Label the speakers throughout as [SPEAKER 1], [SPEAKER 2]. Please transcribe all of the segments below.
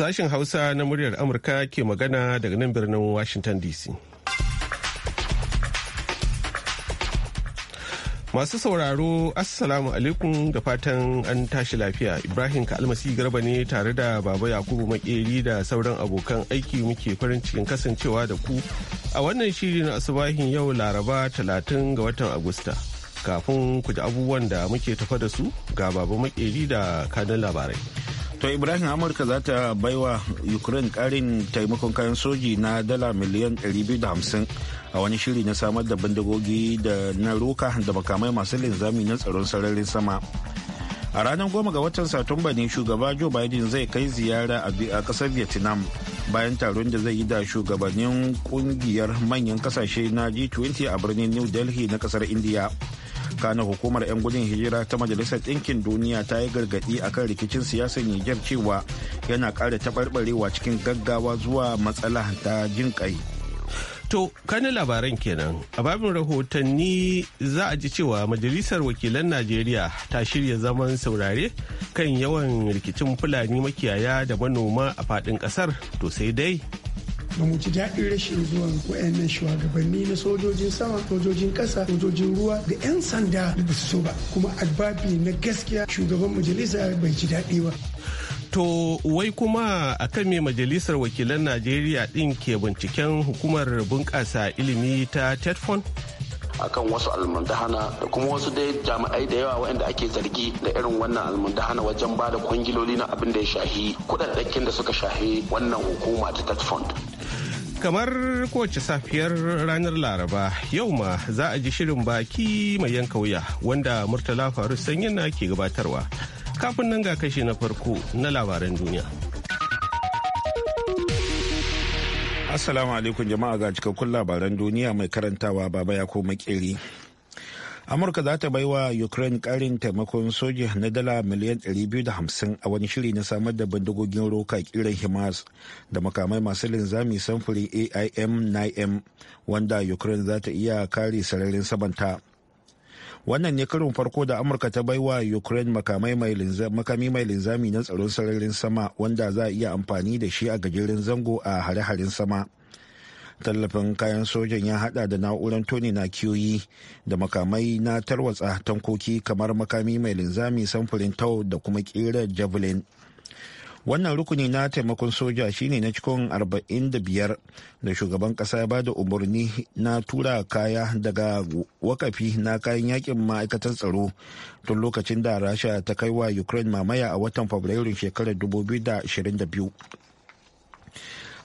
[SPEAKER 1] Sashen Hausa na muryar Amurka ke magana daga nan birnin Washington DC. Masu sauraro, Assalamu alaikum da fatan an tashi lafiya. Ibrahim Kalmasi Garba ne tare da Baba Yakubu Makeri da sauran abokan aiki muke farin cikin kasancewa da ku a wannan shiri na asubahin yau Laraba 30 ga watan Agusta. Kafin ku ji abubuwan da muke tafa da su ga Baba Makeri da kanin labarai. to ibrahim amurka za ta wa
[SPEAKER 2] ukraine karin taimakon kayan soji na dala miliyan 250 a wani shiri na samar da bindigogi da na roka da makamai masu linzami na tsaron sararin sama a ranar goma ga watan satumba ne shugaba joe biden zai kai ziyara a kasar vietnam bayan taron da zai yi da shugabannin kungiyar manyan kasashe na g20 a birnin new delhi na kasar india tsakanin hukumar 'yan gudun hijira ta majalisar ɗinkin duniya ta yi gargaɗi akan rikicin siyasar niger cewa yana ƙara taɓarɓarewa cikin gaggawa zuwa matsala ta jin ƙai
[SPEAKER 1] To, kani labaran kenan. A babin rahotanni za a ji cewa Majalisar Wakilan Najeriya ta shirya zaman saurare kan yawan rikicin Fulani makiyaya da manoma a faɗin ƙasar. To sai dai
[SPEAKER 3] ba mu ji daɗin rashin zuwan wayannan shugabanni na sojojin sama sojojin ƙasa sojojin ruwa da 'yan sanda da ba su so ba kuma albabi na gaskiya shugaban majalisa bai ji daɗi ba
[SPEAKER 1] To wai kuma a kan me majalisar wakilan Najeriya ɗin ke binciken hukumar bunƙasa ilimi ta tetfon.
[SPEAKER 4] akan wasu almundahana da kuma wasu dai jami'ai da yawa waɗanda ake zargi da irin wannan almundahana wajen ba da kwangiloli na abin da ya shahi kuɗaɗɗakin da suka shahi wannan hukuma ta fund.
[SPEAKER 1] kamar kowace safiyar ranar laraba yau ma za a ji shirin baki mai yanka wuya wanda murtala faru sanyin na ke gabatarwa kafin nan ga kashi na farko na labaran duniya. Assalamu alaikum jama'a ga cikakkun labaran duniya
[SPEAKER 2] mai karantawa baba ya koma kiri. amurka za ta bai wa ukraine karin taimakon soja na dala miliyan 250 a wani shiri na samar da bindigogin roka kiran himas da makamai masu linzami samfuri aim 9m wanda ukraine za ta iya kare sararin sabanta wannan ne karin farko da amurka ta bai wa ukraine makami mai linzami na tsaron sararin sama wanda za a iya amfani da shi a gajeren zango a hare-haren sama tallafin kayan sojan ya hada da na'urar toni na kiyoyi da makamai na tarwatsa tankoki kamar makami mai linzami samfurin tau da kuma kera javelin wannan rukuni na taimakon soja shine na cikin 45 da shugaban kasa ya bada umarni na tura kaya daga wakafi na kayan yakin ma'aikatan tsaro tun lokacin da rasha ta kai wa ukraine mamaya a watan fabrairun shekarar 2022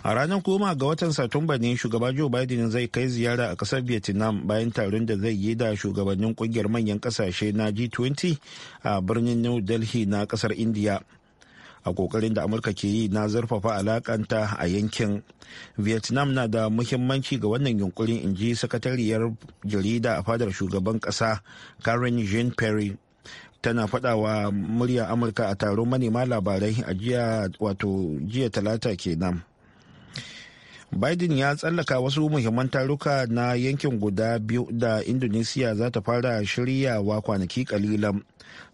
[SPEAKER 2] a ranar goma ga watan satumba ne shugaba joe biden zai kai ziyara a kasar vietnam bayan taron da zai yi da shugabannin kungiyar manyan kasashe na g20 a birnin new delhi na kasar india a kokarin da amurka ke yi na zurfafa alakanta a yankin vietnam na da muhimmanci ga wannan yunkurin in ji sakatariyar jarida a fadar shugaban kasa karen jean perry tana faɗawa wa murya amurka a taron manema labarai a wato jiya talata kenan. biden ya tsallaka wasu muhimman taruka na yankin guda biyu da indonesiya za ta fara shiryawa kwanaki kalilan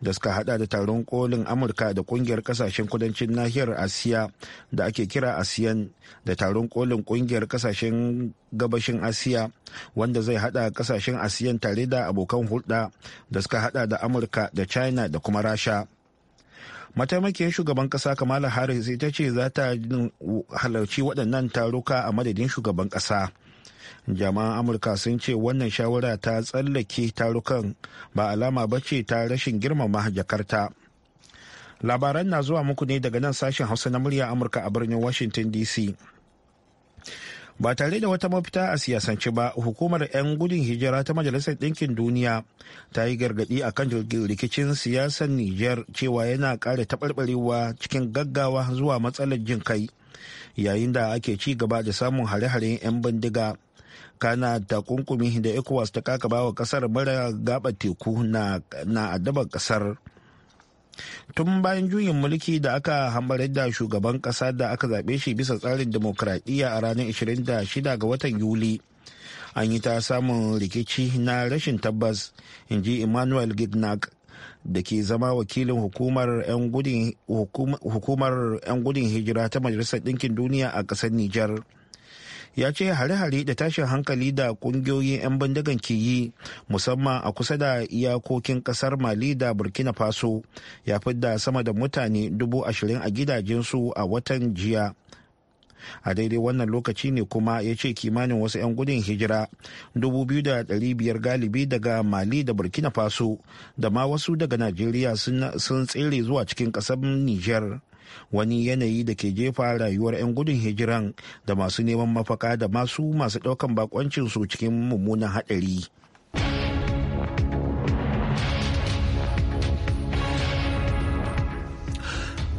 [SPEAKER 2] da suka hada da taron kolin amurka da kungiyar kasashen kudancin nahiyar asiya da ake kira asiyan da taron kolin kungiyar kasashen gabashin asiya wanda zai hada kasashen asiyan tare da abokan hulɗa da suka hada da amurka da china da kuma rasha mataimakiyar shugaban kasa kamala harris ita ce za ta halarci waɗannan taruka a madadin shugaban kasa jama'an amurka sun ce wannan shawara ta tsallake tarukan ba alama ba ce ta rashin girmama jakarta labaran na zuwa muku ne daga nan sashen hausa na murya amurka a birnin washington dc ba tare da wata mafita a siyasance ba hukumar 'yan gudun hijira ta majalisar ɗinkin duniya ta yi gargaɗi a kan rikicin siyasar niger cewa yana ƙara taɓarɓarewa cikin gaggawa zuwa matsalar jin kai yayin da ake ci gaba da samun hare-haren 'yan bindiga kana takunkumi da ecowas ta kakaba wa kasar mara gaba teku na addabar kasar tun bayan juyin mulki da aka hambarar da shugaban kasa da aka zaɓe shi bisa tsarin demokradiyya a ranar 26 ga watan yuli an yi ta samun rikici na rashin tabbas in ji emmanuel gignac da ke zama wakilin hukumar 'yan gudun hijira ta majalisar ɗinkin duniya a ƙasar nijar. ya ce hare-hare da tashin hankali da kungiyoyin 'yan bindigan ke yi musamman a kusa da iyakokin kasar mali da burkina faso ya da sama da mutane dubu ashirin a gidajensu a watan jiya a daidai wannan lokaci ne kuma ya ce kimanin wasu 'yan gudun hijira 2,500 galibi daga mali da burkina faso da ma wasu daga najeriya sun tsere zuwa cikin kasar niger wani yanayi da ke jefa rayuwar 'yan gudun hijiran da masu neman mafaka da masu masu ɗaukan bakoncinsu cikin
[SPEAKER 1] mummunan haɗari.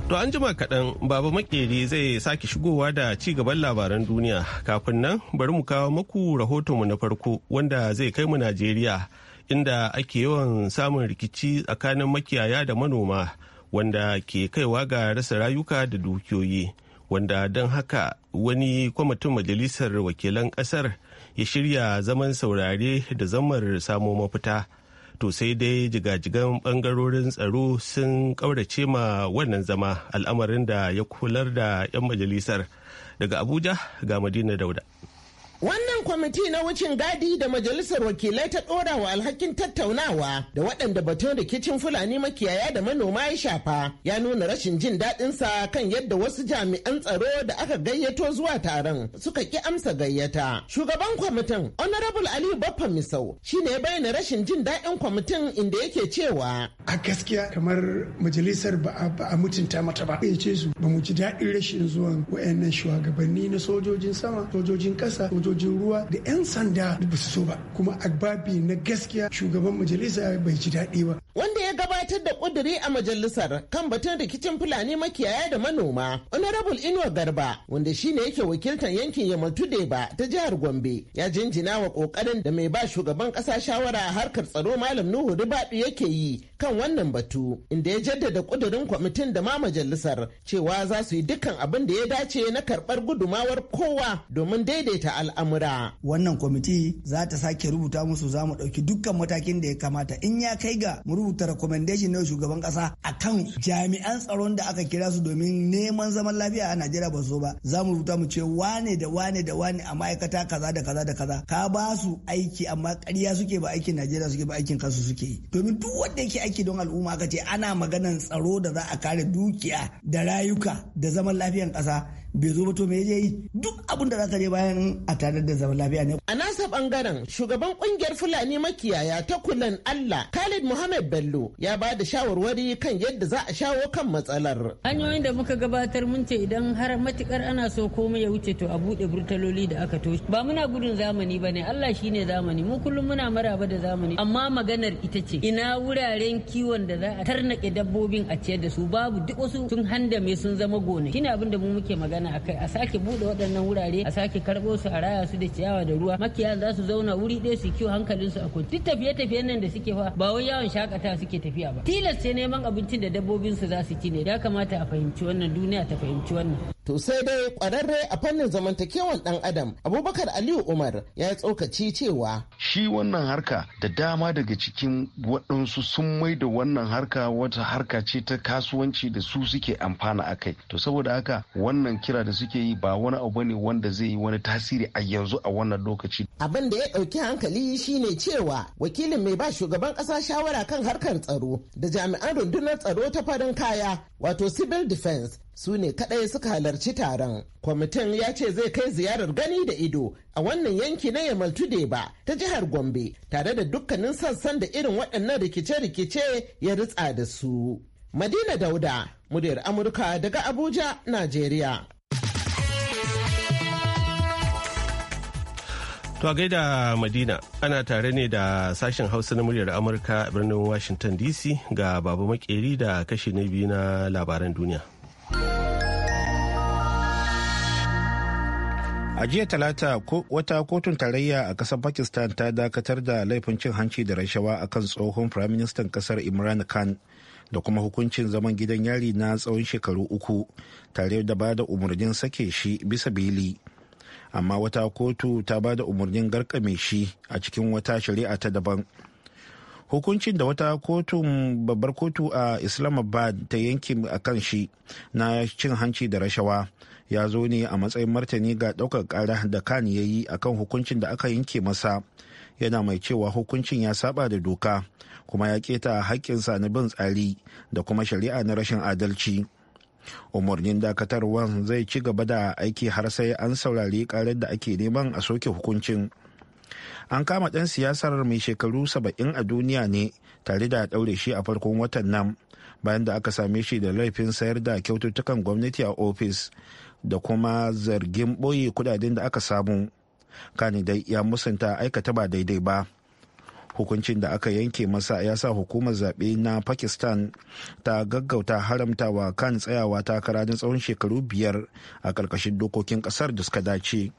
[SPEAKER 1] To an jima kaɗan baba makeri zai sake shigowa da ci gaban labaran duniya kafin nan bari mu kawo maku rahotonmu na farko wanda zai kai mu Najeriya inda ake yawan samun rikici tsakanin makiyaya da manoma wanda ke kaiwa ga rasa rayuka da dukiyoyi wanda don haka wani kwamitin majalisar wakilan kasar ya shirya zaman saurare da zamar samo mafita to sai dai jigajigan bangarorin tsaro sun kaurace ma wannan zama al'amarin da ya kular da 'yan majalisar daga abuja ga madina dauda
[SPEAKER 5] Wannan kwamiti na wucin gadi da majalisar wakilai ta ɗora wa alhakin tattaunawa da waɗanda batun rikicin Fulani makiyaya da manoma ya shafa ya nuna rashin jin daɗinsa kan yadda wasu jami'an tsaro da aka gayyato zuwa taron suka ƙi amsa gayyata. Shugaban kwamitin Honorable Aliyu Baffa Misau shine ne bayyana rashin jin daɗin kwamitin inda yake cewa. A gaskiya kamar majalisar ba a mutunta mata ba. ce su ba mu ji daɗin rashin zuwan
[SPEAKER 3] wayannan shugabanni na sojojin sama, sojojin ƙasa, sojojin sojin ruwa da 'yan sanda da ba su so ba kuma agbabi na gaskiya shugaban majalisa bai ji daɗi ba
[SPEAKER 5] wanda ya gabatar da ƙuduri a majalisar kan batun rikicin fulani makiyaya da manoma honorable inuwa garba wanda shi ne yake wakiltar yankin yamal ba ta jihar gombe ya jinjina wa kokarin da mai ba shugaban kasa shawara a harkar tsaro malam nuhu ribaɗu yake yi kan wannan batu inda ya jaddada ƙudurin kwamitin da ma majalisar cewa za su yi dukkan abin da ya dace na karɓar gudumawar kowa domin daidaita al'amari. al'amura. Wannan kwamiti za ta sake rubuta musu za mu ɗauki dukkan matakin da ya kamata in ya kai ga mu rubuta recommendation
[SPEAKER 3] na shugaban ƙasa kan jami'an tsaron da aka kira su domin neman zaman lafiya a Najeriya ba so ba za mu rubuta mu ce wane da wane da wane a ma'aikata kaza da kaza da kaza ka ba su aiki amma ƙarya suke ba aikin Najeriya suke ba aikin kansu suke yi domin duk wanda yake aiki don al'umma aka ce ana maganan tsaro da za a kare dukiya da rayuka da zaman lafiyan kasa.
[SPEAKER 5] bai zo ba to me yaje yi duk abin da zaka je bayan a tanar da zaman lafiya ne. A nasa bangaren shugaban kungiyar Fulani makiyaya ta kulan Allah Khalid Muhammad Bello ya ba da shawarwari kan yadda za a shawo kan matsalar.
[SPEAKER 6] Hanyoyin da muka gabatar mun ce idan har matukar ana so komai ya wuce to a buɗe burtaloli da aka toshe. Ba muna gudun zamani ba ne Allah shine zamani mu kullum muna maraba da zamani amma maganar ita ce ina wuraren kiwon da za a tarnake dabbobin a ciyar da su babu duk wasu sun handame sun zama gona. Shine abin da mu muke magana. magana akai a sake bude waɗannan wurare a sake karɓo su a raya su da ciyawa da ruwa makiya za su zauna wuri ɗaya su kiwo hankalin su a kwanci duk tafiye-tafiyen nan da suke fa ba wai yawon shakata suke tafiya ba tilas ce neman abincin da dabbobin su za su ci ne ya kamata a fahimci wannan duniya ta fahimci wannan
[SPEAKER 5] To sai dai kwararre a fannin zamantakewan dan adam Abubakar Aliyu Umar ya tsokaci cewa.
[SPEAKER 2] Shi wannan harka da dama daga cikin waɗansu sun mai da wannan harka
[SPEAKER 3] wata harka ce ta kasuwanci da su suke amfana a kai. To saboda haka wannan kira da suke yi ba wani abu ne wanda zai yi wani tasiri a yanzu a wannan lokaci.
[SPEAKER 5] Abin da ya ɗauki hankali shi ne cewa wakilin mai ba shugaban ƙasa shawara kan harkar tsaro da jami'an rundunar tsaro ta farin kaya wato civil defense su ne kadai suka halarci taron kwamitin ya ce zai kai ziyarar gani da ido a wannan yanki na yamal ba ta jihar gombe tare da dukkanin sassan da irin waɗannan rikice-rikice ya ritsa da su madina dauda muryar amurka daga abuja najeriya To a
[SPEAKER 1] gaida Madina ana tare ne da sashen Hausa na muryar Amurka a birnin Washington DC ga Babu Makeri da kashi na biyu na labaran duniya. A jiya talata wata kotun tarayya a ƙasar Pakistan
[SPEAKER 2] ta dakatar da laifin cin hanci da rashawa a kan tsohon firaministan ƙasar Imran Khan da kuma hukuncin zaman gidan yari na tsawon shekaru uku tare da ba da umarnin sake shi bisa bili. amma wata kotu ta ba da umarnin garkame shi a cikin wata shari'a ta daban hukuncin da wata kotun babbar kotu a islamabad ta yankin a kan shi na cin hanci da rashawa ya zo ne a matsayin martani ga ɗaukar ƙara da kan ya yi a kan hukuncin da aka yanke masa yana mai cewa hukuncin ya saba da doka kuma ya keta haƙƙinsa na bin tsari da kuma shari'a na rashin adalci. umarnin dakatarwan zai ci gaba da aiki har sai an saurari karar da ake neman a soke hukuncin an kama ɗan siyasar mai shekaru saba'in a duniya ne tare da ɗaure shi a farkon watan nan bayan da aka same shi da laifin sayar da kyaututtukan gwamnati a ofis da kuma zargin ɓoye kudaden da aka samu kani dai ya musanta aikata ba daidai ba. hukuncin da aka yanke masa ya sa hukumar zaɓe na pakistan ta gaggauta haramtawa kan tsayawa takara na tsawon shekaru biyar a ƙarƙashin dokokin ƙasar da suka dace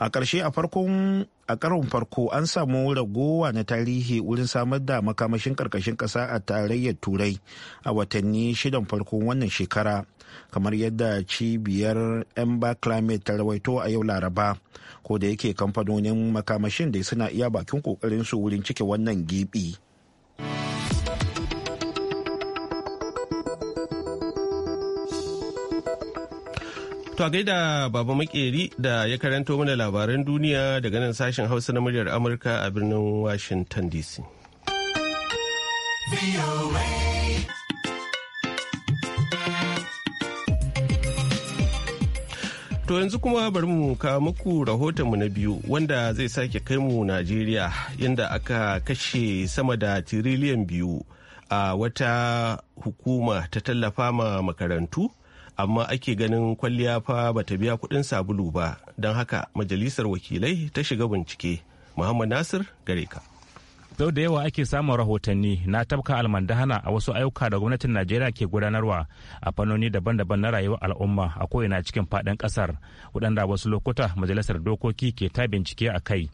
[SPEAKER 2] a ƙarshe a farkon a karon farko an samu ragowa na tarihi wurin samar da makamashin ƙarƙashin ƙasa a tarayyar turai a watanni shidan farkon wannan shekara kamar yadda cibiyar ember climate ta rawaito a yau laraba ko da yake kamfanonin makamashin da suna iya bakin kokarin su wurin cike wannan gibi
[SPEAKER 1] To a gaida Baba Makeri da ya karanto mana labaran duniya daga nan sashen Hausa na muryar Amurka a birnin Washington DC. To yanzu kuma bari mu ka muku rahotonmu na biyu wanda zai sake kai mu Najeriya inda aka kashe sama da tiriliyan biyu a wata hukuma ta tallafa ma makarantu amma ake ganin kwalliya fa bata biya kudin sabulu ba don haka majalisar wakilai ta shiga bincike. Muhammad Nasir gare ka.
[SPEAKER 7] Sau da yawa ake samun rahotanni na tabka almandahana a wasu ayyuka da gwamnatin Najeriya ke gudanarwa a fannoni daban-daban na rayuwar al'umma a ko'ina cikin faɗin ƙasar waɗanda wasu lokuta majalisar dokoki ke ta bincike a kai.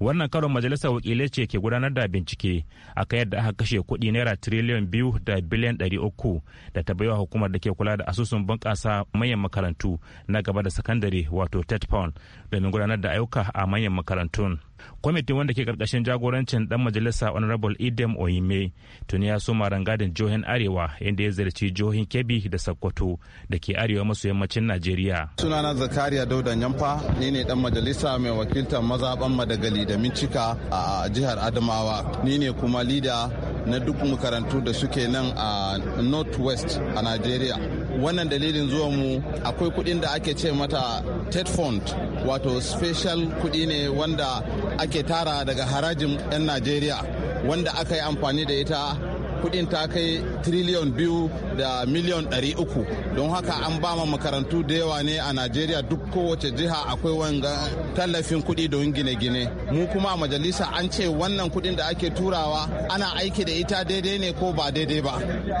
[SPEAKER 7] Wannan karon majalisar wakilai ce ke gudanar da bincike a kai yadda aka kashe kuɗi naira tiriliyan biyu da biliyan ɗari uku da ta baiwa hukumar da ke kula da asusun bunƙasa manyan makarantu na gaba da sakandare wato tet domin gudanar da ayyuka a manyan makarantun. kwamitin wanda ke karkashin jagorancin dan majalisa honorable idem oyime tuni ya soma rangadin jihohin arewa inda ya ziyarci jihohin kebbi da sokoto da ke arewa maso yammacin najeriya
[SPEAKER 1] sunana zakariya dauda nyamfa ni ne dan majalisa mai wakiltar mazaban madagali da mincika a jihar adamawa ni ne kuma lida na duk makarantu da suke nan a northwest a najeriya wannan dalilin zuwa mu akwai kuɗin da ake ce mata ted fund wato special kuɗi ne wanda ake tara daga harajin 'yan najeriya wanda aka yi amfani da ita kudin ta kai triliyon biyu da miliyon ɗari uku don haka an ba ma makarantu da yawa ne a najeriya duk kowace jiha akwai wanga tallafin kudi don gine-gine mu kuma a majalisa an ce wannan kudin da ake turawa ana aiki da ita daidai ne ko ba daidai ba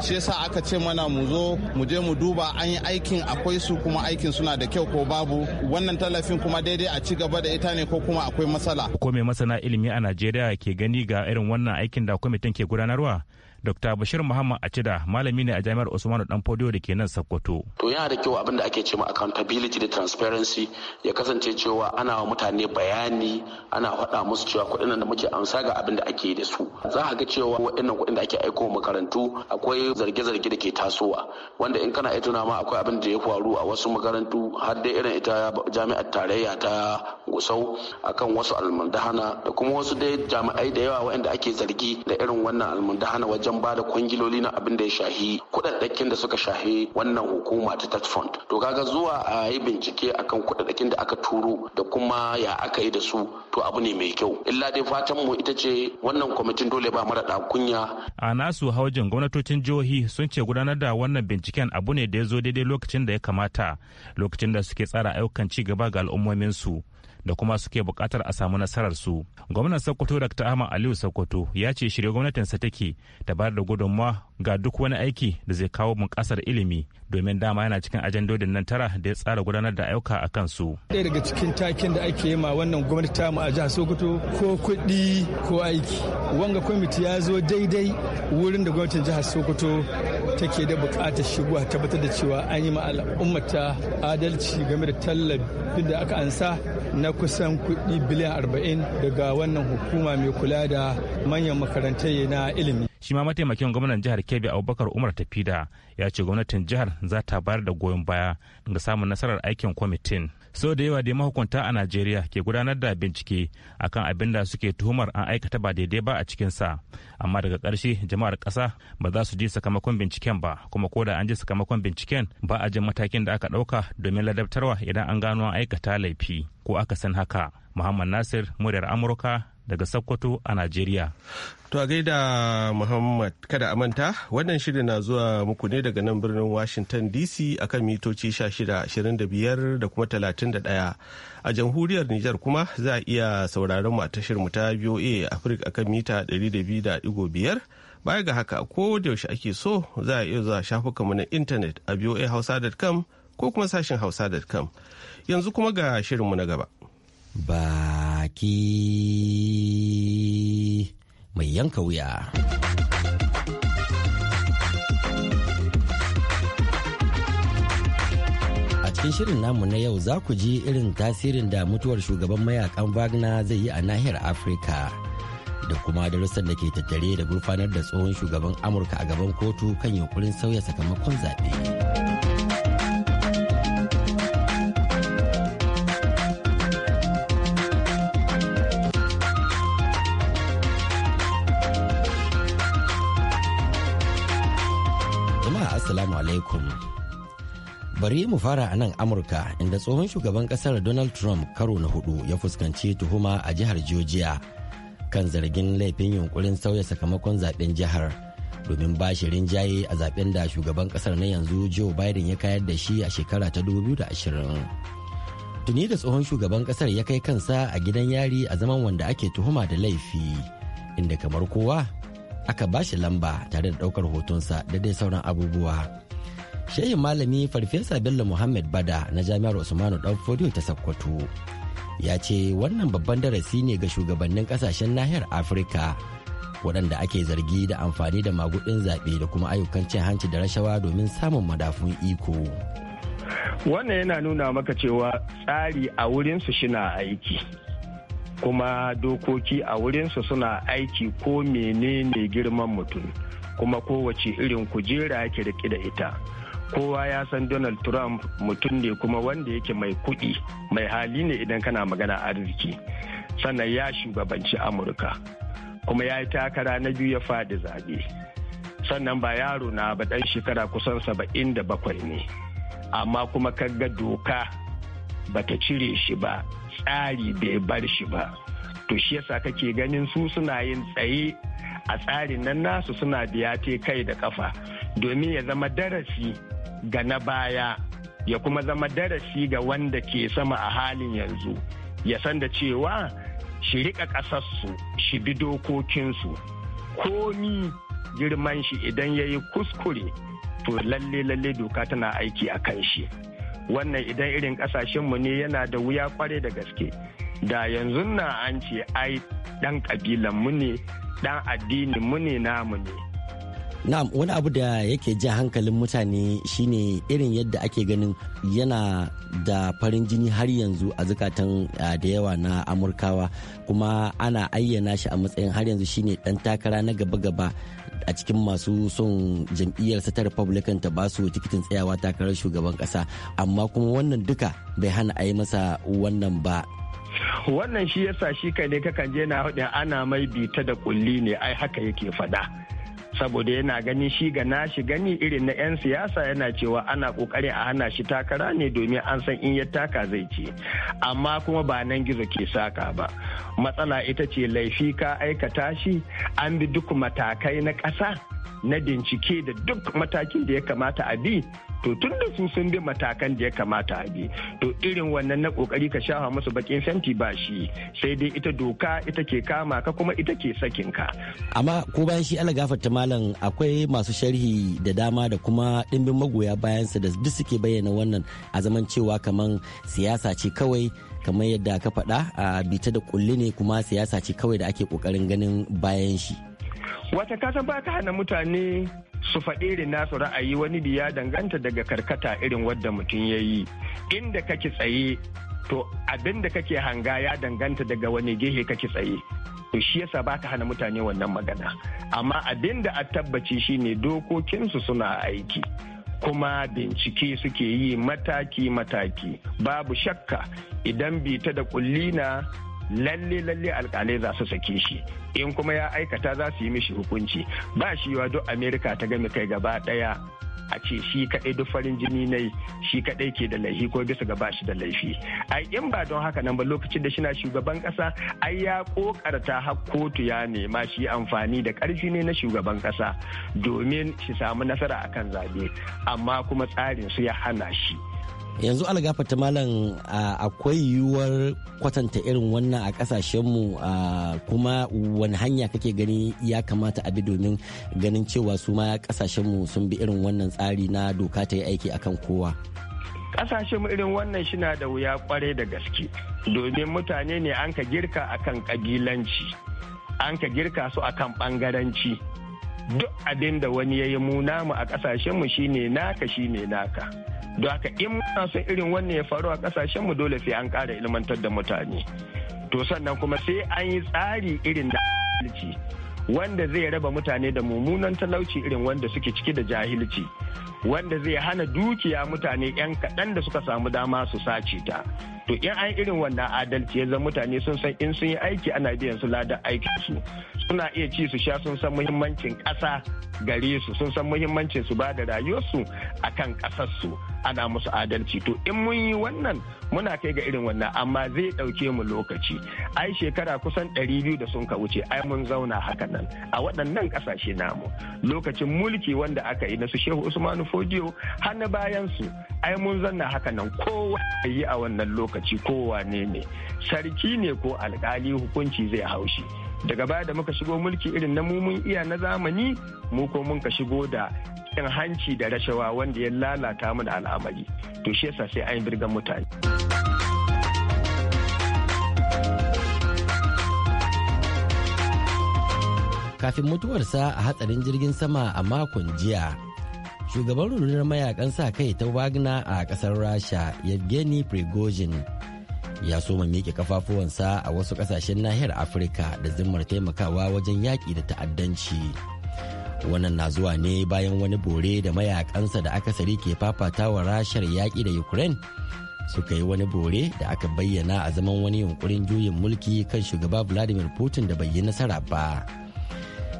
[SPEAKER 1] shi yasa aka ce mana mu zo mu je mu duba an yi aikin akwai su kuma aikin suna da kyau ko babu wannan tallafin kuma daidai a ci gaba da ita ne ko kuma akwai matsala
[SPEAKER 7] ko me masana ilimi a najeriya ke gani ga irin wannan aikin da kwamitin ke gudanarwa Dr. Bashir Muhammad Acida malami ne a jami'ar Usmanu Danfodiyo da ke nan Sokoto.
[SPEAKER 4] To yana da kyau abin da ake cewa accountability da transparency ya kasance cewa ana wa mutane bayani ana faɗa musu cewa kuɗin da muke amsa ga abin da ake da su. Za a ga cewa waɗannan kuɗin da ake aiko makarantu akwai zarge-zarge da ke tasowa wanda in kana tuna ma akwai abin da ya faru a wasu makarantu har dai irin ita jami'ar tarayya ta Gusau akan wasu almundahana da kuma wasu dai jami'ai da yawa waɗanda ake zargi da irin wannan almundahana wajen an bada kwangiloli na abin da ya shahi kudaddakin da suka shahi wannan hukuma ta tax fund to kaga zuwa a yi bincike akan kudaddakin da aka turo da kuma ya aka yi da su to abu ne mai
[SPEAKER 7] kyau illa dai fatan mu ita ce wannan kwamitin dole ba mara da kunya a nasu haujin gwamnatocin jihohi sun ce gudanar da wannan binciken abu ne da ya zo daidai lokacin da ya kamata lokacin da suke tsara ayyukan ci gaba ga al'ummominsu da kuma suke buƙatar a samu nasarar su gwamnan sokoto dr ahmad aliyu sokoto ya ce shirye gwamnatinsa take ta bayar da gudunmawa ga duk wani aiki da zai kawo bunƙasar ilimi domin dama yana cikin ajandodin nan tara da ya tsara gudanar da ayyuka a kan su
[SPEAKER 3] ɗaya daga cikin takin da ake yi ma wannan gwamnati ta mu a jihar sokoto ko kuɗi ko aiki wanga kwamiti ya zo daidai wurin da gwamnatin jihar sokoto take da buƙatar shigowa tabbatar da cewa an yi ma al'ummata adalci game da tallafin da aka ansa na kusan kuɗi biliyan arba'in daga wannan hukuma mai kula da manyan makarantai na ilimi.
[SPEAKER 7] Shi ma mataimakin gwamnan jihar Kebbi Abubakar Umar Tafida ya ce gwamnatin jihar za ta bayar da goyon baya ga samun nasarar aikin kwamitin. sau da yawa dai mahukunta a najeriya ke gudanar da bincike akan abin da suke tuhumar an aikata ba daidai ba a cikin sa amma daga ƙarshe jama'ar ƙasa ba za su ji sakamakon binciken ba kuma ko da an ji sakamakon binciken ba a jin matakin da aka ɗauka domin ladabtarwa idan an gano an aikata laifi ko aka san haka muhammad nasir muryar amurka daga Sokoto a Najeriya. To a gaida Muhammad kada a manta
[SPEAKER 1] wannan shirin na zuwa muku ne daga nan birnin Washington DC akan mitoci 1625 da kuma 31. A jamhuriyar Nijar kuma za a iya sauraron mu a tashar mu ta VOA Africa akan mita 200.5 baya ga haka ko da yaushe ake so za a iya zuwa shafukanmu na intanet a voahausa.com ko kuma sashin hausa.com yanzu kuma ga shirinmu na gaba.
[SPEAKER 6] Ba jaki mai yanka wuya. A cikin shirin namu na yau za ku ji irin tasirin da mutuwar shugaban mayakan Wagner zai yi a nahiyar Afirka. da kuma darussan da ke tattare da gurfanar da tsohon shugaban amurka a gaban kotu kan yunkurin sauya sakamakon zaɓe. Bari mu fara a nan Amurka inda tsohon shugaban kasar Donald Trump karo na hudu ya fuskanci tuhuma a jihar Georgia kan zargin laifin yunkurin sauya sakamakon zaben jihar domin ba shi rinjaye a zaben da shugaban kasar na yanzu Joe Biden ya kayar da shi a shekara ta 2020. Tuni da tsohon shugaban kasar ya kai kansa a gidan yari a zaman wanda ake tuhuma da laifi inda kamar kowa aka ba shi lamba tare da ɗaukar hotonsa da dai sauran abubuwa. shehin malami farfesa bello muhammad bada na jami'ar usmanu danfodiyo ta Sokoto ya ce wannan babban darasi ne ga shugabannin kasashen nahiyar afirka waɗanda ake zargi da amfani da magudin zaɓe da kuma ayyukan cin hanci da rashawa domin samun madafun iko wannan
[SPEAKER 3] yana nuna maka cewa tsari a wurinsu shina aiki kuma dokoki a wurinsu suna aiki ko menene girman mutum kuma kowace irin kujera yake da ita kowa ya san donald trump mutum ne kuma wanda yake mai kuɗi mai hali ne idan kana magana arziki sannan ya shugabanci amurka kuma ya yi takara na biyu ya faɗi zaɓe sannan ba yaro na ba ɗan shekara kusan saba'in da bakwai ne amma kuma kaga doka ba ta cire shi ba tsari bai bar shi ba to shi yasa kake ganin su suna yin tsaye a tsarin nan nasu suna biya te kai da kafa domin ya zama darasi ga na baya ya kuma zama darasi ga wanda ke sama a halin yanzu ya san da cewa shi riƙa ƙasarsu shi bi dokokinsu komi girman shi idan ya yi kuskure to lalle lalle doka tana aiki a kan shi wannan idan irin ƙasashenmu ne yana da wuya kware da gaske da yanzu na an ce ai dan ƙabilanmu ne dan addini mu ne namu ne
[SPEAKER 6] na'am wani abu da yake jan hankalin mutane shine irin yadda ake ganin yana da farin jini har yanzu a zukatan ah, da yawa na amurkawa kuma ana ayyana shi a matsayin har yanzu shine dan takara na gaba-gaba a cikin masu son jam'iyyarsa ta republican ta basu tikitin tsayawa takarar shugaban kasa amma kuma wannan duka bai hana a yi masa wannan ba
[SPEAKER 3] wannan shi yasa shi kai ne kakan je na ana mai bita da kulli ne ai haka yake fada saboda yana ganin shi ga nashi gani irin na 'yan siyasa yana cewa ana kokari a hana shi takara ne domin an san in ya taka zai ce amma kuma ba nan gizo ke saka ba matsala ita ce laifi ka aikata shi an bi duk matakai na ƙasa na bincike da duk matakin da ya kamata a bi to tun da su sun bi matakan da ya kamata a bi to irin wannan na kokari ka shafa masu bakin fenti ba shi sai dai ita doka ita ke kama ka kuma ita ke sakin ka
[SPEAKER 6] amma ko bayan shi ana gafarta malam akwai masu sharhi da dama da kuma dimbin magoya bayansa da duk suke bayyana wannan a zaman cewa kaman siyasa ce kawai kamar yadda ka faɗa a bita da kulli ne kuma siyasa ce kawai da ake kokarin ganin bayan shi
[SPEAKER 3] wata kasan ba ta hana mutane su faɗi irin nasu ra'ayi wani ya danganta daga karkata irin wadda mutum ya yi inda kake tsaye to abin da kake hanga ya danganta daga wani gehe kake tsaye to shi yasa ba ta hana mutane wannan magana amma abin da a tabbaci shine dokokinsu suna aiki kuma bincike suke yi mataki-mataki babu shakka idan bita da kulli na lalle lalle alkalai za su sake shi in kuma ya aikata za su yi mishi hukunci ba shi yiwa duk amerika ta gami kai gaba daya a ce shi kadai duk farin jini ne shi kadai ke da laifi ko bisa ga shi da laifi ai in ba don haka nan ba lokacin da shina shugaban kasa ai ya kokarta har kotu ya nema shi amfani da karfi ne na shugaban kasa domin shi samu nasara akan zabe amma kuma tsarin su ya hana shi
[SPEAKER 6] yanzu algafata malam akwai yiwuwar kwatanta irin wannan a kasashenmu kuma wani hanya kake gani ya kamata a bi domin ganin cewa su ma kasashenmu sun bi irin wannan tsari na doka ta yi aiki akan kowa
[SPEAKER 3] kasashen irin wannan shina da wuya kwarai da gaske domin mutane ne an ka girka akan kabilanci an ka girka su akan bangaranci duk abin da wani ya yi mu a kasashenmu shine naka shine naka don haka in muna son irin wannan ya faru a kasashen mu dole sai an kara ilmantar da mutane to sannan kuma sai an yi tsari irin da wanda zai raba mutane da mummunan talauci irin wanda suke ciki da jahilci wanda zai hana dukiya mutane 'yan kaɗan da suka samu dama su sace ta to in an irin wannan adalci yanzu mutane sun san in sun yi aiki ana biyan su ladan aikin su suna iya ci su sha sun san muhimmancin ƙasa gare su sun san muhimmancin su ba da rayuwarsu a kan ƙasarsu ana musu adalci to in mun yi wannan muna kai ga irin wannan amma zai ɗauke mu lokaci ai shekara kusan 200 da sun ka wuce ai mun zauna haka nan a waɗannan ƙasashe namu lokacin mulki wanda aka yi na su shehu usman manufodiyo har na bayan su ai mun zanna haka nan kowa yi a wannan lokaci kowa ne ne sarki ne ko alkali hukunci zai haushi daga baya da muka shigo mulki irin na mun iya na zamani mu ko mun ka shigo da cin hanci da rashawa wanda ya lalata mu da al'amari to shi yasa sai an birgan
[SPEAKER 6] mutane kafin mutuwarsa a hatsarin jirgin sama a makon jiya shugaban rundunar mayakan sa kai ta wagna a kasar rasha yevgeny prigozhin ya soma miƙe kafafuwansa a wasu ƙasashen nahiyar afirka da zimmar taimakawa wajen yaƙi da ta'addanci wannan na zuwa ne bayan wani bore da mayakansa da akasari ke fafatawa rashar yaƙi da ukraine suka yi wani bore da aka bayyana a zaman wani yunkurin juyin mulki kan shugaba vladimir putin da bai yi nasara ba.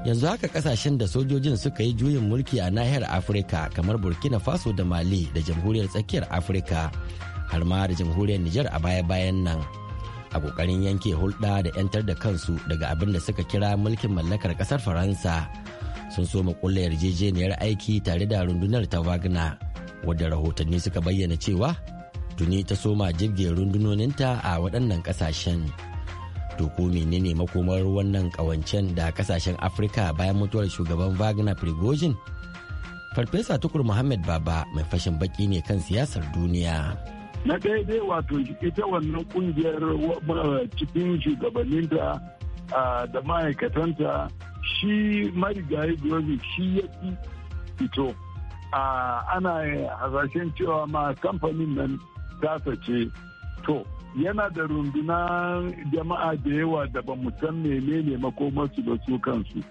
[SPEAKER 6] yanzu haka kasashen da sojojin suka yi juyin mulki a nahiyar afirka kamar burkina faso da mali da jamhuriyar tsakiyar afirka har ma da jamhuriyar nijar a baya-bayan nan a kokarin yanke hulɗa da 'yantar da kansu daga abin da suka kira mulkin mallakar kasar faransa sun so makulla yarjejeniyar aiki tare da rundunar ta wagner wadda rahotanni suka bayyana cewa tuni ta soma jirgin rundunoninta a waɗannan ƙasashen. to ko menene makomar wannan kawancen da kasashen afirka bayan mutuwar shugaban wagner prigozhin farfesa tukur muhammad baba mai fashin baki ne kan siyasar duniya
[SPEAKER 8] na daidai wato ita wannan kungiyar uh, cikin shugabanninta uh, da ma'aikatanta shi marigayi grovic shi ya fi fito uh, ana hasashen cewa ma kamfanin nan tasa ce to yana da rundunar jama'a da yawa da ba mu san menene makomarsu da su kansu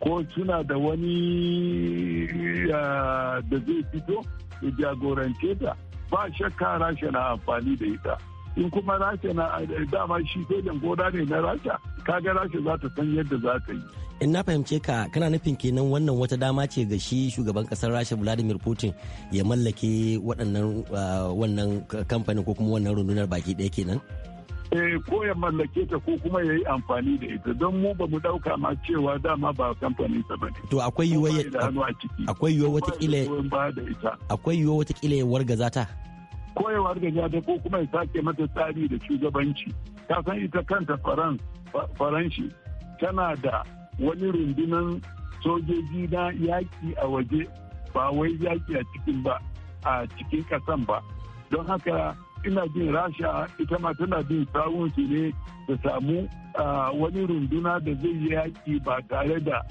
[SPEAKER 8] ko suna da wani da zai fito ya jagorance ta ba shakka rasha na amfani da ita in kuma rasha na eh, dama shi sojan goda ne na rasha kaga rasha za ta san yadda za ta yi
[SPEAKER 6] in na fahimce ka kana nufin kenan wannan wata dama ce ga shi shugaban kasar rasha vladimir putin ya mallake waɗannan ah, wannan kamfanin ko kuma wannan rundunar baki ɗaya kenan
[SPEAKER 8] eh, ko ya mallake ta ko kuma ya yi amfani da ita don mu ba mu dauka ma cewa dama ba kamfanin sa bane to akwai yiwuwar
[SPEAKER 6] akwai yiwuwar watakila akwai yiwuwar watakila ya wargaza ta
[SPEAKER 8] koyewar da ta ko kuma ya sake mata tsari da shugabanci ta san ita kanta faranshi tana da wani rundunan sojoji na yaƙi a waje ba wai yaƙi a cikin ba a cikin ƙasan ba don haka ina jin rasha ita ma tana jin sawun su ne da samu wani runduna da zai yi yaƙi ba tare da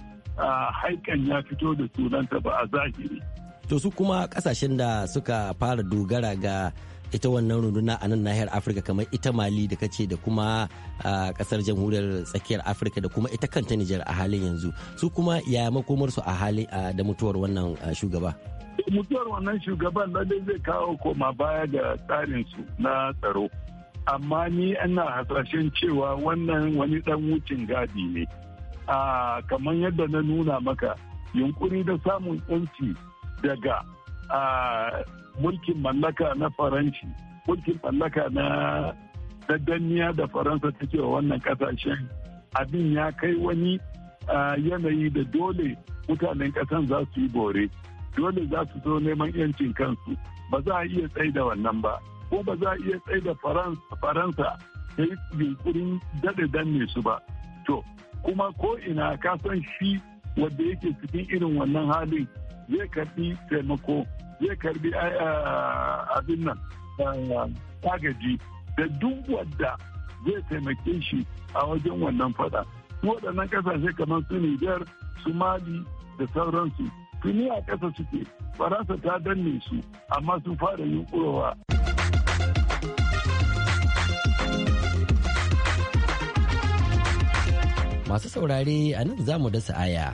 [SPEAKER 8] haikan ya fito da sunanta ba a zahiri.
[SPEAKER 6] to su kuma kasashen da suka fara dogara ga ita wannan runduna a nan nahiyar afirka kamar ita mali da kace da kuma kasar jamhuriyar tsakiyar afirka da kuma ita kanta nijar a halin yanzu su kuma yaya makomarsu a hali da mutuwar
[SPEAKER 8] wannan shugaba mutuwar wannan shugaban da zai kawo koma baya tsarin tsarinsu na tsaro amma ni ana hasashen cewa wannan wani dan wucin gadi ne a kamar yadda na nuna maka yunkuri da samun tsanci daga mulkin mallaka na faranci mulkin mallaka na danniya da faransa take wa wannan kasashen abin ya kai wani yanayi da dole mutanen kasan za su yi bore dole za su zo neman yancin kansu ba za a iya tsaye da wannan ba ko ba za a iya tsaye da faransa ta yi yunkurin daɗe danne su ba to kuma ko ina ka san shi wadda yake cikin irin wannan halin zai karbi taimako zai karbi eh, eh, abin nan tagaji eh, da duk wadda zai taimake shi a wajen wannan fada waɗannan ƙasashe kamar su nijar su mali da sauransu tuni a ƙasa suke faransa ta danne su amma sun fara yin yunkurowa
[SPEAKER 6] masu saurare a nan za mu dasa aya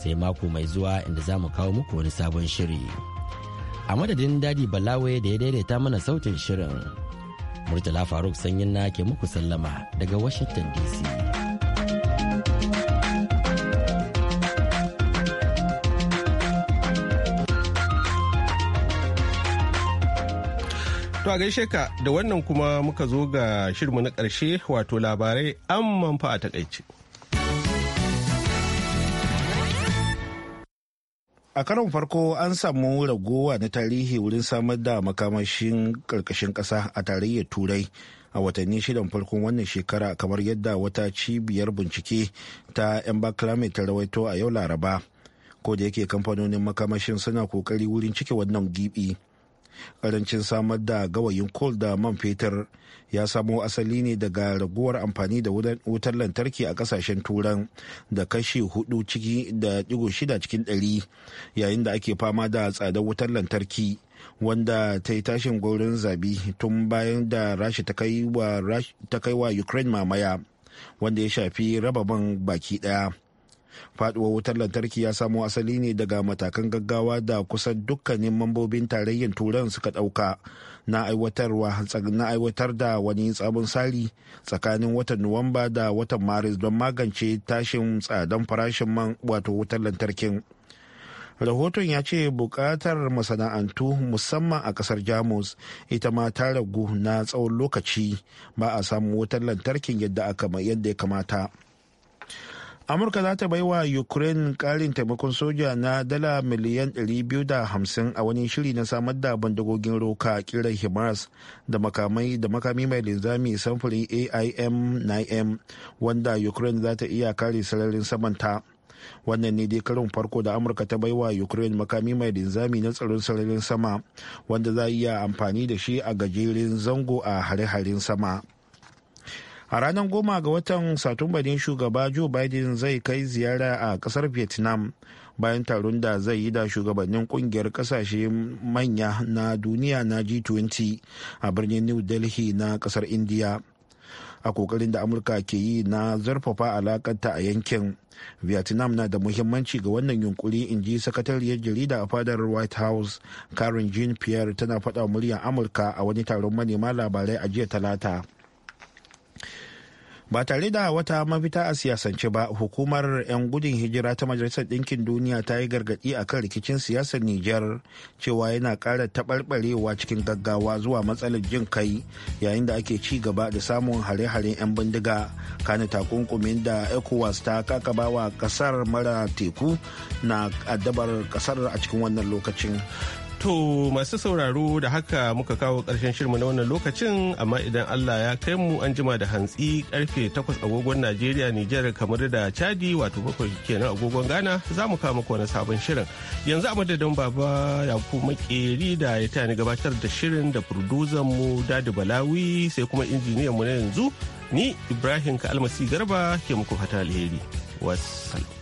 [SPEAKER 6] sai mako mai zuwa inda za mu kawo muku wani sabon shiri a madadin dadi balawe da ya daidaita mana sautin shirin murtala faruk sanyin na ke muku sallama daga washington dc
[SPEAKER 1] To a gaishe ka da wannan kuma muka zo ga shirmu na ƙarshe wato labarai an manfa a takaice.
[SPEAKER 2] a karon farko an samu ragowa na tarihi wurin samar da makamashin karkashin ƙasa a tarayyar turai a watanni shidan farkon wannan shekara kamar yadda wata cibiyar bincike ta embaclame ta rawaito a yau laraba ko da yake kamfanonin makamashin suna kokari wurin cike wannan gibi karancin samar da gawayin kol da man fetur ya samo asali ne daga raguwar amfani da wutar lantarki a kasashen turan da kashe hudu ciki da digo shida cikin dari yayin da ake fama da tsadar wutar lantarki wanda ta yi tashin gaurin zabi tun bayan da rashi ta kai wa ukraine mamaya wanda ya shafi rababan baki daya faduwar wutar lantarki ya samo asali ne daga matakan gaggawa da kusan dukkanin mambobin tarayyar turan suka ɗauka na aiwatar da wani tsabon sari tsakanin watan nuwamba da watan maris don magance tashin tsadan farashin man wato wutar lantarkin rahoton ya ce bukatar masana'antu musamman a kasar jamus ita ma ta ragu na tsawon lokaci ba a samu wutar lantarkin yadda yadda ya kamata amurka za ta bai wa ukraine karin taimakon soja na dala miliyan 250 a wani shiri na samar da bandagogin roka kirar himars da makamai da makami mai linzami samfuri aim-9m wanda ukraine za ta iya kare sararin samanta wannan ne dai karin farko da amurka ta bai wa ukraine makami mai linzami na tsaron sararin sama wanda za a iya amfani da shi a gajeren zango a hare-haren sama. a ranar goma ga watan satumba ne shugaba joe biden zai kai ziyara a kasar vietnam bayan taron da zai yi da shugabannin kungiyar kasashe manya na duniya na g20 a birnin new delhi na kasar india a kokarin da amurka ke yi na zarfafa alakanta a yankin vietnam na da muhimmanci ga wannan yunkuri in ji sakatariyar jarida a fadar white house karen jean pierre tana faɗa muryar amurka a wani taron manema labarai a jiya talata ba tare da wata mafita a siyasance ba hukumar 'yan gudun hijira ta majalisar ɗinkin duniya ta yi gargaɗi a kan rikicin siyasar niger cewa yana ƙara taɓarɓarewa cikin gaggawa zuwa matsalar jin kai yayin da ake ci gaba da samun hare-haren 'yan bindiga kane takunkumin da ecowas ta wa ƙasar mara teku na addabar ƙasar a cikin wannan lokacin
[SPEAKER 1] To masu sauraro da haka muka kawo ƙarshen shirmu na wannan lokacin amma idan Allah ya kai mu an jima da hantsi karfe takwas agogon Najeriya Nijar kamar da Chadi wato bakwai kenan agogon Ghana za mu kama muku sabon shirin. Yanzu a madadin baba ya kuma makeri da ya tani gabatar da shirin da producer mu Dadi Balawi sai kuma injiniyan mu na yanzu ni Ibrahim Kalmasi Garba ke muku fata alheri. Wassalam.